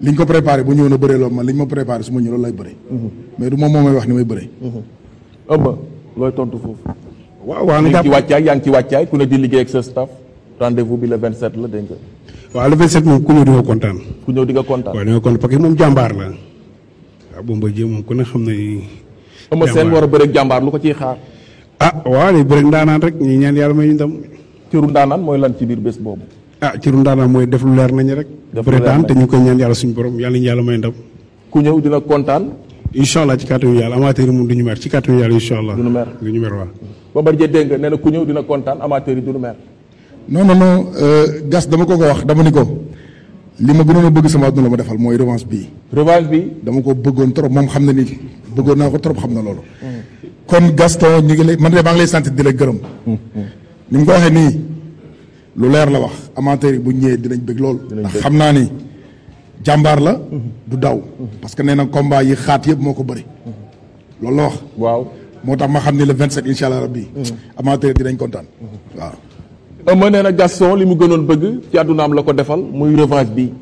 liñ ko préparé bu ñëw na bëree loolu man liñ ma préparé su ma ñëw loolu lay bëri. mais du moom moo may wax ni may bëri. ëmb looy tontu foofu. waaw waaw nga jàpp ci wàccaay yaa ngi ci wàccaay ku ne di liggéey ak sa staff. rendez vous bi le 27 la dégg nga. waaw le 27 moom ku ñëw di nga kontaan. ku ñëw di nga kontaan waaw di nga kontaan parce moom jàmbaar la. waaw Bombardier moom ku ne xam na ni. jàmbaar seen war a bëreeg jàmbaar lu ko ciy xaar. ah waaw li rek ñi ñaan yàlla may ñu ndam. mooy lan ci biir bés boobu ah ci rundaanaa mooy def lu leer nañu rek. def lu leer nañu te ñu koy ñaan yàlla suñu borom yàlla ñu yàlla may ndam. ku dina kontaan. incha allah ci kàttanu yàlla amateur yi du ñu mer ci kàttanu yàlla incha allah. gas dama ko ko wax dama ni ko li ma gënoon a bëgg sama àdduna la ma defal mooy revanche bii. revanche bi dama ko bëggoon trop moom xam na ni bëggoon naa ko trop xam na loolu. Mm. kon Gaston ñu ngi lay man de maa ngi lay sant di gërëm. Mm, mm. ni mu ko waxee nii lu leer la wax amateur yi bu ñëwee dinañ bëgg lool. ndax xam naa ni jàmbaar la. Mhm. du daw. parce que nee na combat yi xaat yëpp moo ko bari mhm. loolu la wax. waaw moo tax ma xam ni le 27 incha allah rabbi. Mhm. amateur dinañ kontaan waaw. ëmb nee na Gaston li mu gënoon bëgg ci àddunaam la ko defal muy revanche bi.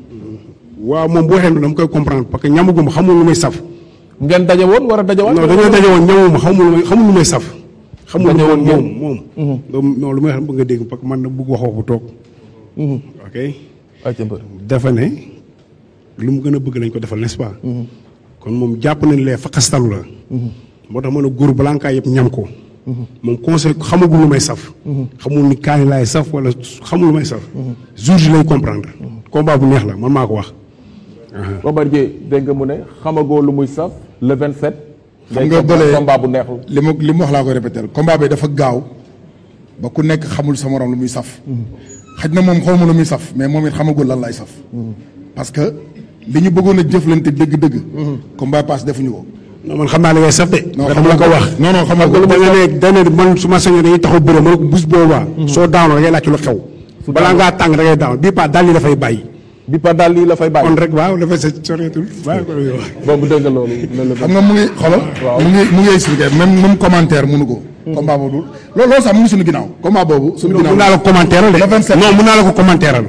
waaw moom boo xam ne dama koy comprendre parce que ñamagum xamul lu may saf. ngeen daje woon war a daje woon. non dañoo daje woon ñamagum xamul lu may xamul xamuñu woon moom moom moom mm-hmm. lu may xam bëgg dégg parce que man na bëgg waxoo bu toog mm-hmm. ok dafa ne lu mu gën a bëgg lañ ko defal nest mm-hmm. kon moom jàpp nañ lee faqastalu moo tax mën a yëpp ñam ko moom conseil xamagul lu may saf xamul ni kaani laay saf xamul lu may saf jour ji lay comprendre combat bu neex maa ko wax mu ne xamagoo lu muy saf le 27 xam nga bële combat bu neexul li ma li ma wax laa koy répété combat bi dafa gaaw ba ku nekk xamul sa morom lu muy saf. xaj na moom ma lu muy saf mais moom it xamagul lan lay saf. parce que li ñu bëggoon a jëflante dëgg-dëgg. combat pass defuñu ko. xam naa li ngay saf de. non xam nga ko wax non non xam nga ko da nga ne da nga ne man su ma sañoon dañuy taxaw bëre ma ne ko bés boobaa. soo daanoo da ngay laaj lu xew. balaa ngaa tàng da ngay bii paa daal li dafay bàyyi. bi par daal lii la fay bàyyi. kon rek waaw la fay sa soreetul waaw. boobu mu ngi xoolal. mu ngi mu ngi expliqué même même commentaire mënu ko. Hmm. combat boobu loolu loolu sax mu ginnaaw. combat boobu suñu ginnaaw mun naa la ko commentaire le 27 non mun naa la commentaire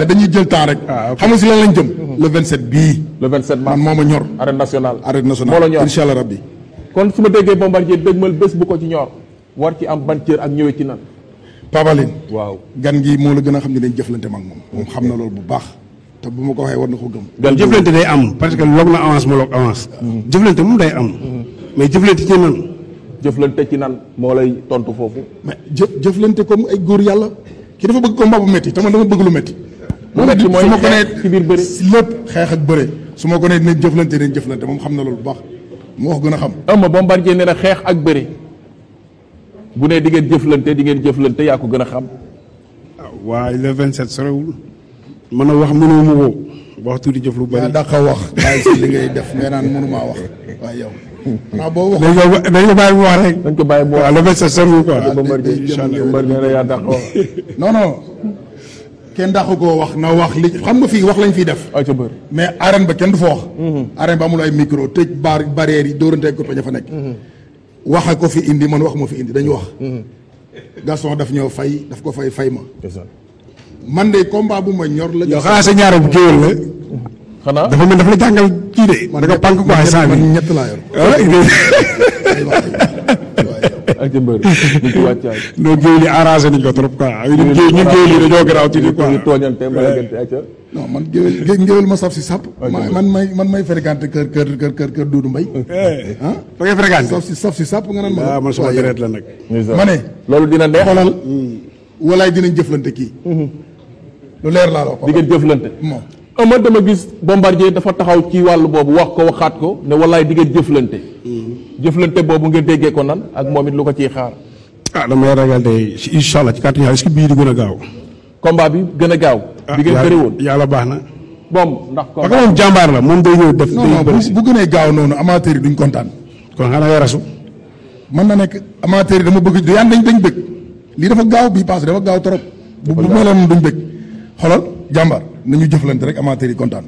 la dañuy jël ah, hmm. bii. le 27 ma ñor. arène nationale arène nationale. moo la ñor incha allah rabbi. kon su ma déggee bombardier dégmal bés bu ko ci ñor war ci am ban ak ñëwee ci nan Pabalin waaw gan gi moo la gën a xam ne dañ jëflante mag moom moom xam na loolu bu baax te bu ma ko waxee war na ko gëm jëflante day am parce que loog na avance ma loog avance mm-hmm. jëflante moom day am mm-hmm. mais jëflante ci nan jëflante ci nan moo lay tontu foofu mais jë jëflante comme ay góor yàlla ki dafa bëgg combat bu métti te man dama bëgg lu métti lu métti mooy su ma ko nee ci biir bëri lépp xeex ak bëre su ma ko nee dinañ jëflante dinañ jëflante moom xam na lool bu baax moo wax gën a xam ama Bombardier nee a xeex ak bëre bu ne di ngeen jëflante di ngeen jëflante yaa ko gën a xam. Ah, waaye le 27 sorewul. mën a wax mënoo woo. waxtu di jëf lu bëri. daa ko wax. bàyyi si li ngay def nga naan mënumaa wax waaye yow. ah boo waxee dañ ko bàyyi mu wax rek. dañ ko bàyyi mu wax waaw le 27 sorewul quoi. waaw dañ kenn dàqu koo wax na wax li xam nga fii wax lañ fiy def. ay mais arène ba kenn du fa wax. Mm-hmm. arène ba amul ay micro tëj bar barrières yi dóorante ko ña fa nekk. Mm-hmm. waxe ko fi indi man wax ma fi indi dañu wax. Mm-hmm. Gaston daf ñoo fay daf ko fay fay ma. man de combat bu ma ñor la. yow xanaa sa ñaar géwél la. xanaa dafa mel dafa la jàngal kii de. man da nga pànk quoi saa bi laa yor. Ah, ak ca mbër ñu ko trop quoi ñun géej li dañoo garaaw ci di quoi ñu man géwél géwél ma saf si sàpp man may man may fréquenté kër kër kër kër kër Doudou Mbaye eh. ah da ngay fréquenté saf si saf si sàpp nga naan ma ah, man sama deret la nag ma ne loolu dina neex xoolal mm. walaay dinañ jëflante kii mm-hmm. lu leer laa la ko di jëflante moom Ama dama gis Bombardier dafa taxaw ci wàllu boobu wax ko waxaat ko ne wallaay di ngeen jëflante. Mm-hmm. jëflante boobu nga déggee ko nan ak moom it lu ko ci xaar. ah damay ragal de si incha allah ci kàttan yàlla est bii di gën a gaaw. combat bi gën a gaaw. Ah, bi ngeen bëri yàlla baax na. bon ndax combat moom jàmbaar la moom day ñëw def. day bëri bu gënee gaaw noonu amateur yi duñ kontaan. kon xanaa nga rasu. mën na nekk amateur yi dama bëgg yan dañ dañ bëgg lii dafa gaaw bii paase dafa gaaw trop. bu bu meloon duñ bëgg xoolal jàmbaar nañu jëflante rek amateur yi kontaan.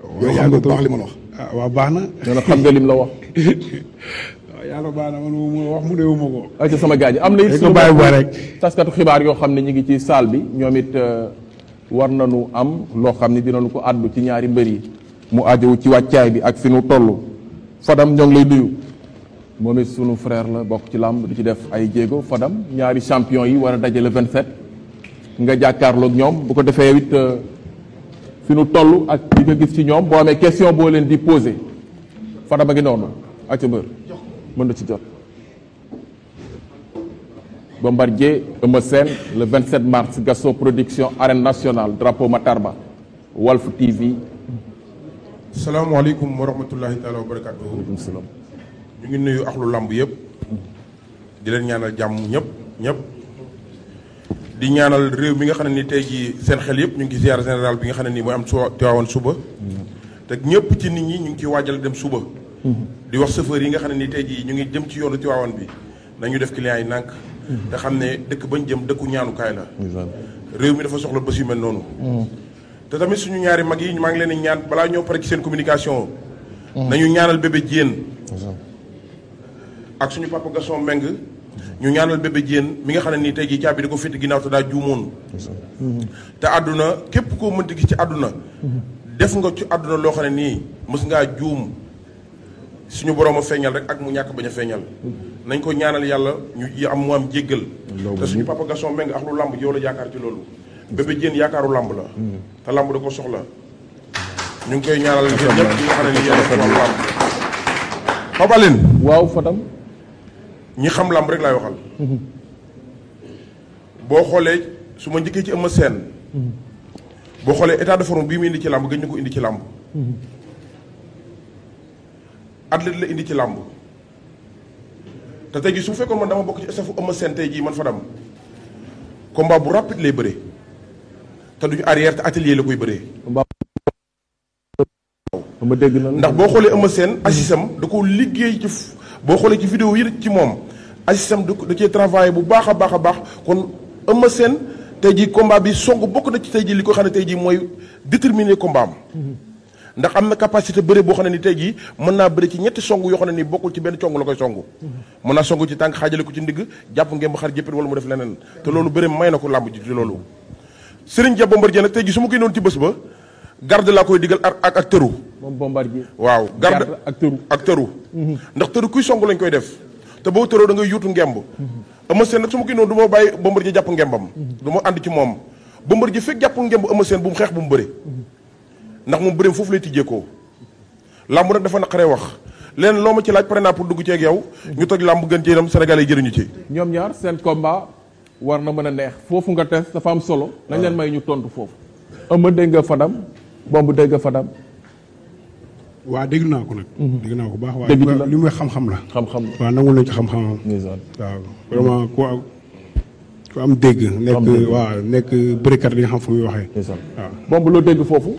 waaw xam nga baax li ma la wax. Ah, baax na. dana xam nga lim la wax. waaw yàlla baax na man mu ne wu ma ko. ayca sama gars yi am na it suñu rek taskatu xibaar yoo xam ne ñu ngi ci salle bi ñoom it euh, war na nu am loo xam ne dinañu ko àddu ci ñaari mbër yi mu aajowu ci wàccaay bi ak fi nu toll Fadam ñoo lay nuyu. moom it sunu frère la bokk ci làmb di ci def ay jéego Fadam ñaari champion yi war a daje le 27 nga jàkkaarloog ñoom ko defee euh, fi nu toll ak li nga gis ci ñoom boo amee question boo leen di posé ba ngi noonu acca mbër mën na ci jot Bombardier Eumeu Sène le 27 mars Gasso Production arène nationale drapeau Matarba Walf TV salaamaaleykum wa rahmatullahi taala wa barakatuh waaleykum salaam ñu ngi nuyu axlu làmb yëpp di leen ñaanal jàmm ñëpp ñëpp di ñaanal réew mi nga xam ne ni tey jii seen xel yëpp ñu ngi ziar général bi nga xam ne nii mooy am Tiwaawan suba te ñëpp ci nit ñi ñu ngi ciy waajal dem suba di wax chauffeur yi nga xam ne ni tey jii ñu ngi jëm ci yoonu Tiwaawan bi nañu def client ay nànk te xam ne dëkk bañ jëm dëkku ñaanukaay la réew mi dafa soxla bés yu mel noonu te tamit suñu ñaari mag yi maa ngi leen ñaan balaa ñoo pare ci seen communication mm. nañu ñaanal bébé Diène ak suñu papa Gaston Mbengue ñu ñaanal bébé jéen mi nga xam ne nii tey jii caabi di ko fétti ginnaaw te daa juumoon te àdduna képp koo mënti gis ci àdduna def nga ci àdduna loo xam ne nii mës ngaa juum suñu borom a feeñal rek ak mu ñàkk bañ feeñal nañ ko ñaanal yàlla ñu am mu am jéggal te suñu papa Gaston Mbengue ak lu làmb yow la yaakaar ci loolu bébé jéen yaakaaru làmb la mm. te làmb da ko soxla ñu ngi koy ñaanal yéen ñëpp ñi nga xam ne nii yéen a làmb Pape Aline waaw Fadam ñi xam làmb rek lay waxal. boo xoolee su ma njëkkee ci Eumeu Sène. boo xoolee état de forme bii mu indi ci làmb gën ñu ko indi ci làmb. athlète la indi ci làmb. te tey su fekkoon man dama bokk ci staffu Eumeu Sène tey jii man fa dam combat bu rapide lay bëree te duñu arrière te atelier la koy bëree. dama dégg na ndax boo xoolee Eumeu Sène assisam da ko liggéey ci boo xoolee ci vidéo yi ci moom Aziz Sam da cee travaillé bu baax a baax a baax kon Eumeu seen tey jii combat bi song bokk na ci tey jii li ko xam ne tey jii mooy déterminer combat ndax am na capacité bëre boo xam ne ni tey jii mën naa bëri ci ñetti song yoo xam ne ni bokkul ci benn cong la koy song mën naa song ci tànk xaajale ko ci ndigg jàpp ngeen ba xar jëppit wala mu def leneen te loolu bëri may na ko làmb ji ci loolu Serigne Dia Bombardier nag tey ji su ma koy noonu ci bés ba garde laa koy digal ak ak tëru moom bombardier waaw garde ak tëru ak tëru ndax tëru kuy song lañ koy def te boo tëroo da ngay yuutu ngemb ama Sène nag su ma koy noonu du ma bàyyi bombardier jàpp ngembam du ma ànd ci moom bombardier fekk jàpp ngemb Eumeu seen bu mu xeex bu mu bëri ndax mu bëreem foofu lay tijjeekoo làmb nag dafa naqaree wax leen loo ma ci laaj pare naa pour dugg ci yow ñu toj làmb gën ci itam Sénégal yi jëriñu ci ñoom ñaar seen combat war na mën a neex foofu nga tes dafa am solo nañ leen ñu tontu foofu Eumeu dégg nga Fadam Bomb dégg nga Fadam waaw dégg naa ko nag. Mhm. dégg naa ko baax waaye li muy xam-xam la. xam-xam la waaw nangu nañu ci xam-xamam. waaw vraiment ku am ku am dégg. nekk waaw nekk bërikat li nga xam fu muy waxee. waaw moom loo dégg foofu.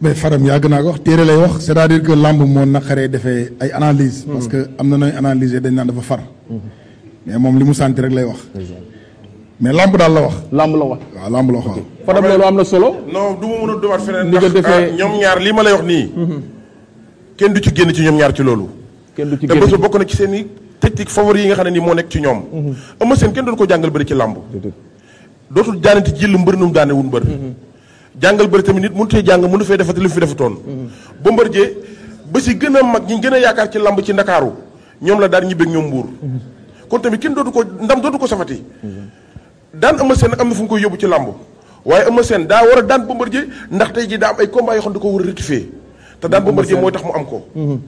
mais Faram yàgg naa ko wax téere lay wax c'est-à-dire que lamb moo naqaree defee ay analyse mhm. parce que am na nooy analyser dañ naan dafa far. Mhm. mais moom li mu santi rek lay wax. mais lamb daal la wax. lamb la wax waaw la wax waaw. Faram loolu am na solo. non du ma a dumaat feneen. ndax ah, ñoom ñaar lii ma lay wax nii. kenn du ci génn ci ñoom ñaar ci loolu. kenn du ci te bés bokk na ci seen i technique favori yi nga xam ne ni moo nekk ci ñoom. Mhm. Eumeu Sène kenn doon ko jàngal bëri ci làmb. dootul daanati jël mbër nu mu daane wun mbër. Mhm. jàngal bëri tamit nit mënut a jàng mënu fee defati li mu fi defatoon. Mhm. Bombardier ba si gën a mag ñi gën a yaakaar ci làmb ci ndakaaru ñoom la daan ñibbeeg ñoom mbuur. kon tamit kenn dootu ko ndam dootu ko safati. daan Eumeu Sène am na fu mu koy yóbbu ci làmb waaye Eumeu Sène daa war a daan Bombardier ndax tey jii daa am ay combat ko war a rectifier te daan Bombardier mooy tax mu am ko mhm.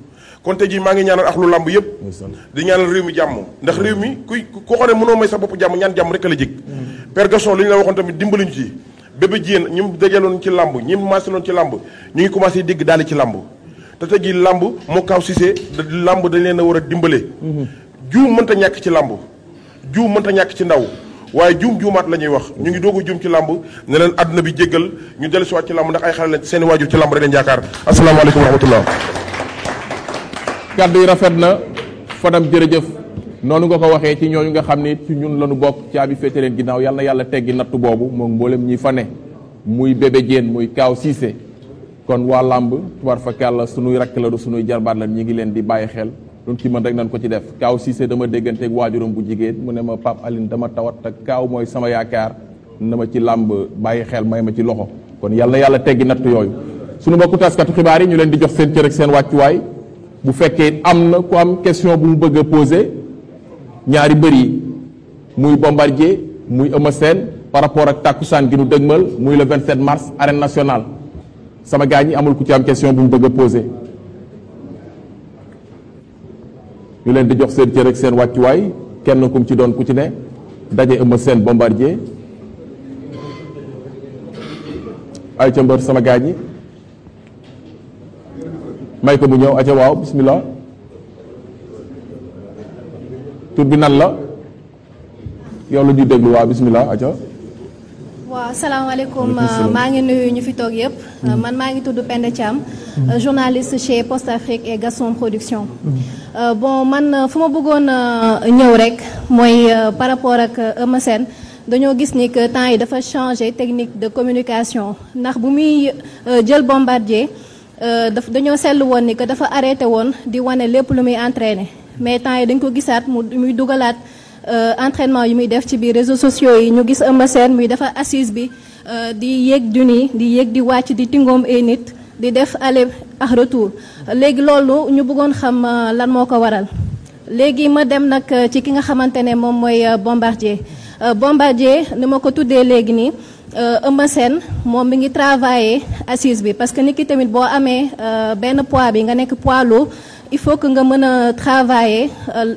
kon tey jii maa ngi ñaanal ak lu làmb yëpp di ñaanal réew mi jàmm ndax réew mi kuy ku xone mënoo may sa bopp jàmm ñaan jàmm rek la jig mhm. Père Gaston li ñu la waxoon tamit dimbali ñu ci bébé jiyéen ñu dajaloon ci làmb ñi maasaloon ci làmb ñu ngi commencé dégg daal ci làmb te tey jii làmb moo kaaw sisee làmb dañ leen a war a dimbale mhm. juum mënta ñàkk ci làmb juum mënta ñàkk ci ndaw waaye juum juumaat la ñuy wax ñu ngi doog a juum ci làmb ne leen àdduna bi jéggal ñu dellu siwaat ci làmb ndax ay xale seen waajur ci làmb rek leen yaakaar asalaamaaleykum wa yi rafet na fadam jërëjëf noonu nga ko waxee ci ñooñu nga xam ne ci ñun lañu bokk caabi féete leen ginnaaw yàlla na yàlla teggi nattu boobu moom mboolem ñi fa ne muy bébé jéen muy kaaw siise kon waa làmb war fa kàlla sunuy rakk la du sunuy jarbaat la ñi ngi leen di bàyyi xel doon ci mën rek nan ko ci def kaaw Cissé dama dégganteeg waajuram bu jigéen mu ne ma Pape Aline dama tawat te kaaw mooy sama yaakaar na ma ci làmb bàyyi xel may ma ci loxo kon yàlla yàlla teggi natt yooyu suñu mbokku taskatu xibaar yi ñu leen di jox seen cër ak seen wàccuwaay bu fekkee am na ku am question bu mu bëgg a posé ñaari bëri muy Bombardier muy Eumeu seen par rapport ak tàkkusaan gi nu dëgmal muy le 27 mars arène national sama gars ñi amul ku ci am question bu mu bëgg a posé ñu leen di jox seen cër ak seen wàccuwaay kenn kum ci doon ku ci ne daje ëmb seen bombardier ay ca mbër sama gaañ yi may ko mu ñëw aca waaw bismillah tur nan la yow la ñuy déglu waaw bismillah aca waaw salaamaaleykum euh, maa ngi nuyu ñu fi toog yëpp euh, mm. man maa ngi tudd Penda Thiam mm. euh, journaliste chez Post Afrique et Gaston Production mm. bon man fu ma bëggoon ñëw rek mooy par rapport ak Eumeu Sène dañoo gis ni que temps yi dafa changer technique de communication ndax bu muy jël bombardier daf dañoo seetlu woon ni que dafa arrêté woon di wane lépp lu muy entraîné mais temps yi dañ ko gisaat mu muy dugalaat Euh, entraînement yi muy def ci biir réseaux sociaux yi ñu gis Eumeu Sène muy defar assise bi euh, di yéeg duni di yéeg di wàcc di tingoom ay nit di def aller ak retour léegi loolu ñu bëggoon xam euh, lan moo ko waral léegi ma dem nag ci ki nga xamante ne moom mooy bombardier bombardier ni ma ko tuddee léegi nii Eumeu Sène moom mi ngi travailler assise bi parce que nit ki tamit boo amee benn poids bi nga nekk poids lourd il faut que nga mën a travailler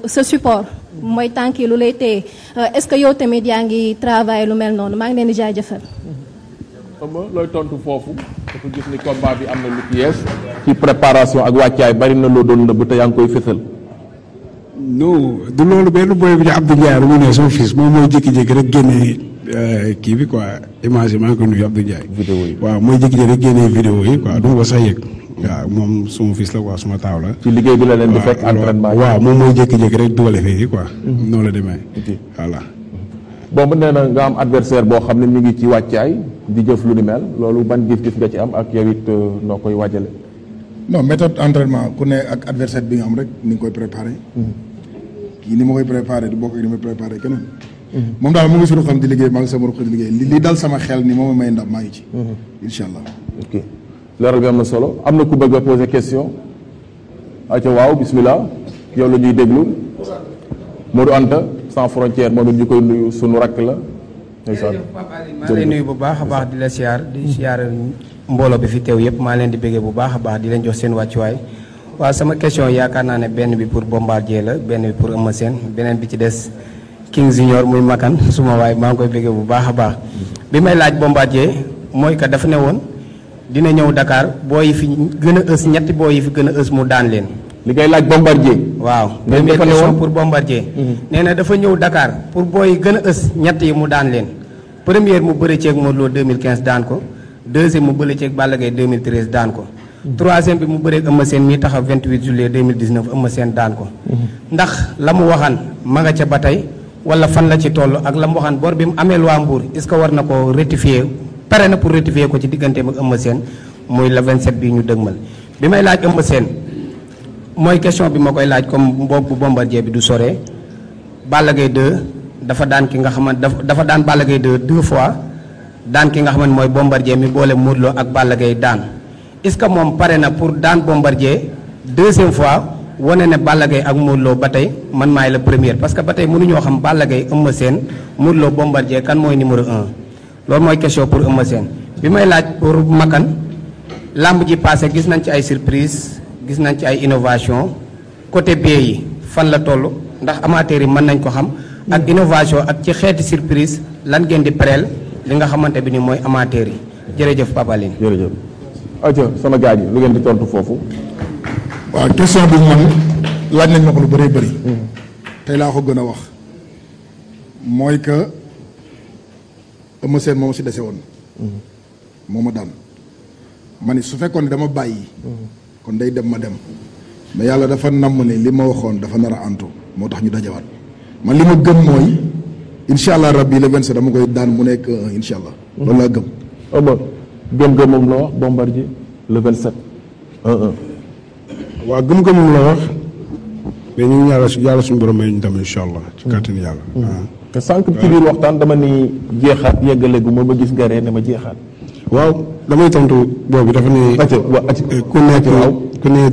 sa euh, support mooy tànk yi lu lay téye euh, est-ce que yow tamit yaa ngi travailler lu mel noonu maa ngi leen di jaajëfal. xam nga looy tontu foofu dafa gis ni combat bi am na lu ci yees ci préparation ak wàccaay bari na loo doon nëbb te yaa ngi koy fësal. non du loolu benn boy bi ñu Abdou Ndiaye mu ne sama fils moom mooy jékki-jékki rek génne. Euh, kii bi quoi image ko nuyu Abdou Ndiaye. vidéo yi waaw mooy jékki-jékki rek génnee vidéo yi quoi du ma ko sax yëg. waaw moom suma fils la quoi suma taaw la. ci liggéey bi la leen di fekk entraînement waaw moom mooy jékki mhm. noonu la demee. voilà. bon bu nee na nga am adversaire boo xam ne mu ngi ci wàccaay di jëf lu ni mel loolu ban gis-gis nga ci am ak yow it euh, noo koy waajale non méthode entraînement ku ne ak adversaire bi nga am rek ni ngi koy préparé. Mhm. kii ni ma koy préparé du bokk moom daal mu ngi suñu xam di liggéey maa ngi sama ruq di li dal sama xel ni moom may ndam maa ngi ci mm-hmm. incha allah ok leeral bi am na solo am na ku bëgg a poser question aca waaw bismillah yow la ñuy déglu Modou Anta sans frontière moom du ñu koy nuyu suñu rakk la maa lay nuyu bu baax a baax di la siyaar di mm-hmm. siyaar mbooloo bi fi teew yëpp maa leen di bëggee bu baax a baax di leen jox seen wàccuwaay waaw sama question yaakaar naa ne benn bi pour Bombardier la benn bi pour Eumeu Sène beneen bi ci des King Junior muy makan suma waay maa ngi koy bëggee bu baax a baax bi may laaj Bombardier mooy que dafa ne woon dina ñëw Dakar boo yi fi gën a ës ñetti boo yi fi gën a ës mu daan leen. li ngay laaj Bombardier. waaw première question pour Bombardier. Mhm. nee na dafa ñëw Dakar pour boo yi gën a ës ñett yi mu daan leen première mu bëri ceeg Modou Lo 2015 daan ko deuxième mu bëri ceeg Balla Gaye 2013 daan ko. Mhm. troisième bi mu bëreeg Eumeu Sène mi taxaw 28 juillet 2019 Eumeu daan ko. Mhm. ndax la mu waxan ma nga ca ba wala fan la ci toll ak la mu waxaan bor bi mu amee waa Mbour est que war na ko rectifier pare na pour rectifier ko ci digganteem ak Eumeu Sène muy le 27 bi ñu dëgmal bi may laaj Eumeu Sène mooy question bi ma koy laaj comme boobu bombardier bi du sore Balla Gaye 2 dafa daan ki nga xamante dafa daan Balla Gaye 2 deux fois daan ki nga xaman mooy bombardier mi boole Modou ak Balla Gaye daan est-ce que moom pare na pour daan bombardier deuxième fois. wane ne Balla Gaye ak Modou ba tey man maay la première parce que ba tey mënuñoo xam Balla Gaye Eumeu seen Modou Lo jee kan mooy numéro en loolu mooy question pour Eumeu Sène bi may laaj pour Makan làmb ji passé gis nañ ci ay surprise gis nañ ci ay innovation côté bee yi fan la toll ndax amateurs yi mën nañ ko xam ak innovation ak ci xeeti surprise lan ngeen di preel li nga xamante bi ni mooy amateurs yi jërëjëf Papa Aline jërëjëf aca sama gars yi lu waaw question bi man laaj nañ ma ko lu bëree bëri. Hmm. tey laa ko gën a wax mooy que Eumeu Sène moom si dese woon. Hmm. moo ma daan ma ni su fekkoon ne dama bàyyi. Hmm. kon day dem ma dem. ma yàlla dafa namm ni li ma waxoon dafa nar a antu moo tax ñu dajawaat man li ma gën mooy incha rab rabbi le 27 dama koy daan mu nekk incha allah. loolu laa gëm. Eumeu gëm-gëm moom la wax Bombardier le 27 waaw gëm-gëm la wax mais ñu yàlla suñu borom may ñu dem incha allah. ci mm. kàttan yàlla. Mm. Ah. te sànq ci biir waxtaan dama ni jeexaat yeggale gu ma ba gis garee dama jeexaat. waaw damay tontu boobu dafa ne. Eh, ku nekk waaw ku la.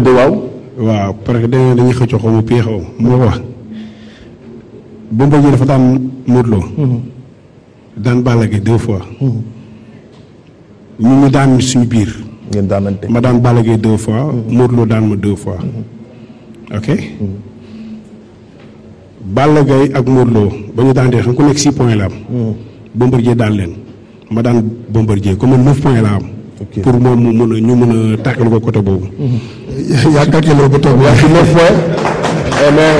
deux waaw. waaw parce que dañoo dañuy xëccoo xaw ma pii xaw ma wax Bombardier dafa daan Modou Lo. Mm-hmm. daan Balla Gaye deux fois. Mm-hmm. ñu ñu daan suñu biir. ngeen daanante. ma daan Balla Gaye deux fois. Modou Lo daan ma deux fois. Mm-hmm. ok. Mm-hmm. Balla Gaye ak Modou Lo ba ñu daan dee xam ku nekk six points la am. Mm-hmm. Bombardier daan leen ma daan Bombardier comme neuf points la am. pour moom mu mën a ñu mën a tàkkal ko côté boobu. yaa tàkkaloo ba toog yaa ci neuf points eh, mais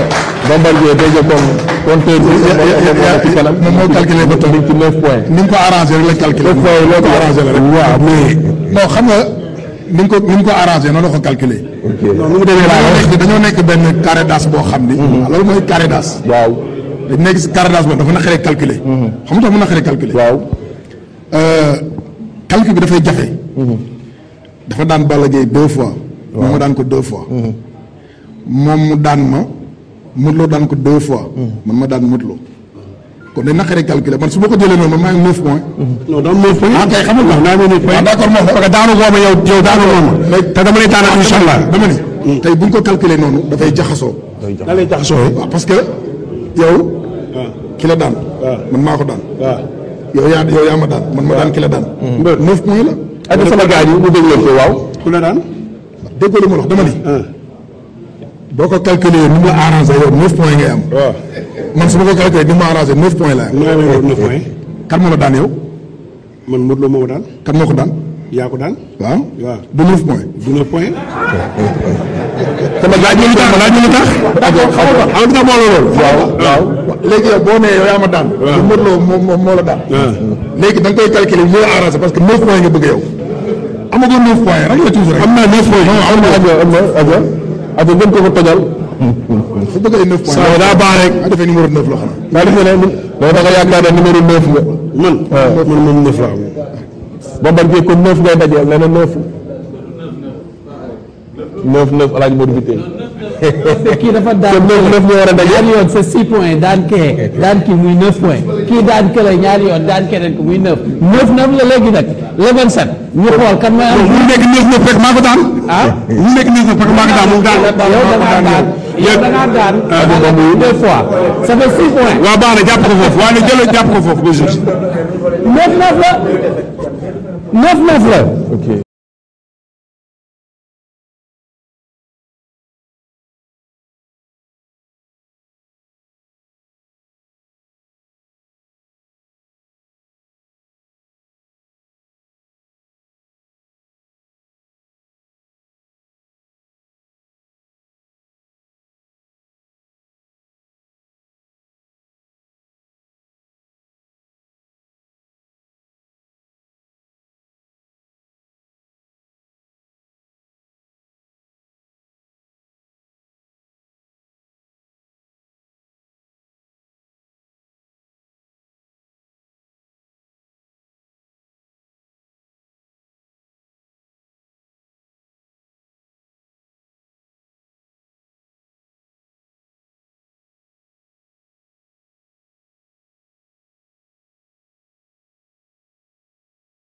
Bombardier day jël comme. compteur bi moom moo calculé ba toll ci 9 points. ni nga ko arrangé rek la calculé. 9 ko arrangé la rek. waaw xam nga ni nga ko ni nga ko arrangé noonu la ko calculé. ok non nu nekk benn carré boo xam ni. Mhm. loolu mooy carré d'as. waaw dañ nekk si dafa na calculé. Mhm. xam nga tax mu naqaree calculé. waaw euh, bi dafay jafe. Mhm. dafa daan Balla Gaye fois. waaw moom ma daan ko deux fois. moom mu daan ma. Modou Lo daan ko deux fois. man ma daan Modou Lo. kon day naqaree calculer man su ma ko jëlee noonu ma maa ngi neuf points. non daan neuf points. ah kay xam ah, te dama lay tànn incha allah dama ne. tey bu ñu ko calculer noonu dafay jaxasoo. da lay jaxasoo waaw ah, parce que yow. Ah. ki la daan. man maa ko daan. waaw yow yaa yow yaa ma daan man ma daan ki la daan. neuf points la. ak sama gars yi bu déglu ko waaw. ku la ma wax dama ni. boo ko calculer ni mu la arrangé yow 9 points ngay am. man su ma ko calculé ni kan moo la daan yow. man Modou boo nee yow yaa da koy calculer ñu la arrangé parce que 9 nga bëgg la am naa 9 points. am na am na am na. ak gën ko ko tojal. su ko defee 9 points. saa daa a defee numéro 9 la xam. daa def ne loolu da nga yaakaar ne ah. laa am. Bombardier kon 9 ngay dajeel nee na 9. 9 kii daan kii 9 9 ñu war a dajeel ñaari yoon c'est 6 daan kee daan kii muy 9 points kii daan kële ñaari yoon daan keneen ko muy le 27. ñu xool kan mooy am. bu ñu nekk neuf neuf rek maa ko daan. ah bu ñu nekk neuf neuf rek maa ko daan moom daan. yow da ngaa daan yow da ngaa daan. Ah, deux fois. ça fait six points. waaw baax na jàpp ko foofu waaye nag jëloon jàpp ko foofu ba jour. neuf neuf la. neuf neuf la. ok.